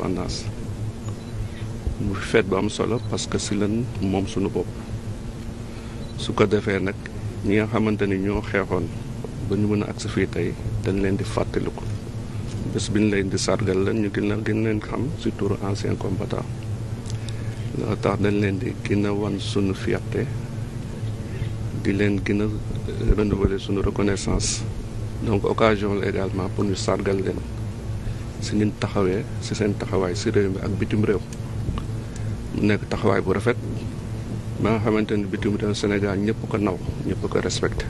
indépendance mu feet bu am solo parce que si lan moom suñu bopp su ko defee nag ñi nga xamante ni ñoo xeexoon ba ñu mën a agsi fii tey dañ leen di ko bés bi ñu leen di sargal lan ñu gën a gën leen xam si turu ancien combattant loo tax dañ leen di gën a wan suñu fierté di leen gën a renouveler suñu reconnaissance donc occasion la également pour ñu sargal leen si nin taxawee si seen taxawaay si réew mi ak bitim réew mu nekk taxawaay bu rafet ba nga xamante ni bitim réew Sénégal ñëpp ko naw ñëpp ko respecté